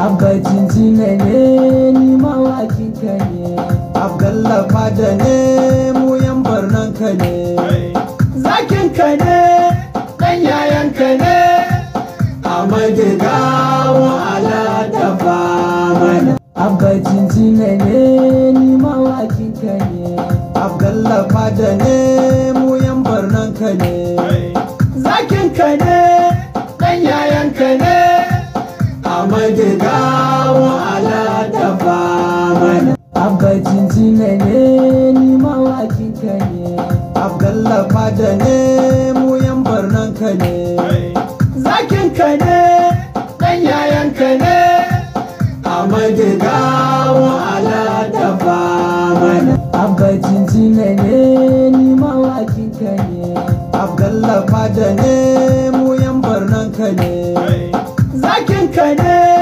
abbacin jina ne ni mawakin ka ne abdalla fada ne mu yan barnan ka ne zakin ka ne dan yayan ka ne amadu gawo ala da mana abbacin jina ne ni mawakin ka ne abdalla fada ne mu yan barnan ka ne zakin ka ne dan yayan lokacin cile ne ni mawakin ka ne abdallah fada ne mu yambar nan ka ne zakin ka ne dan yayan ka ne amadu gawo ala da ba mana abacin cile ne ni mawakin ka ne abdallah fada ne mu yambar nan ka ne zakin ka ne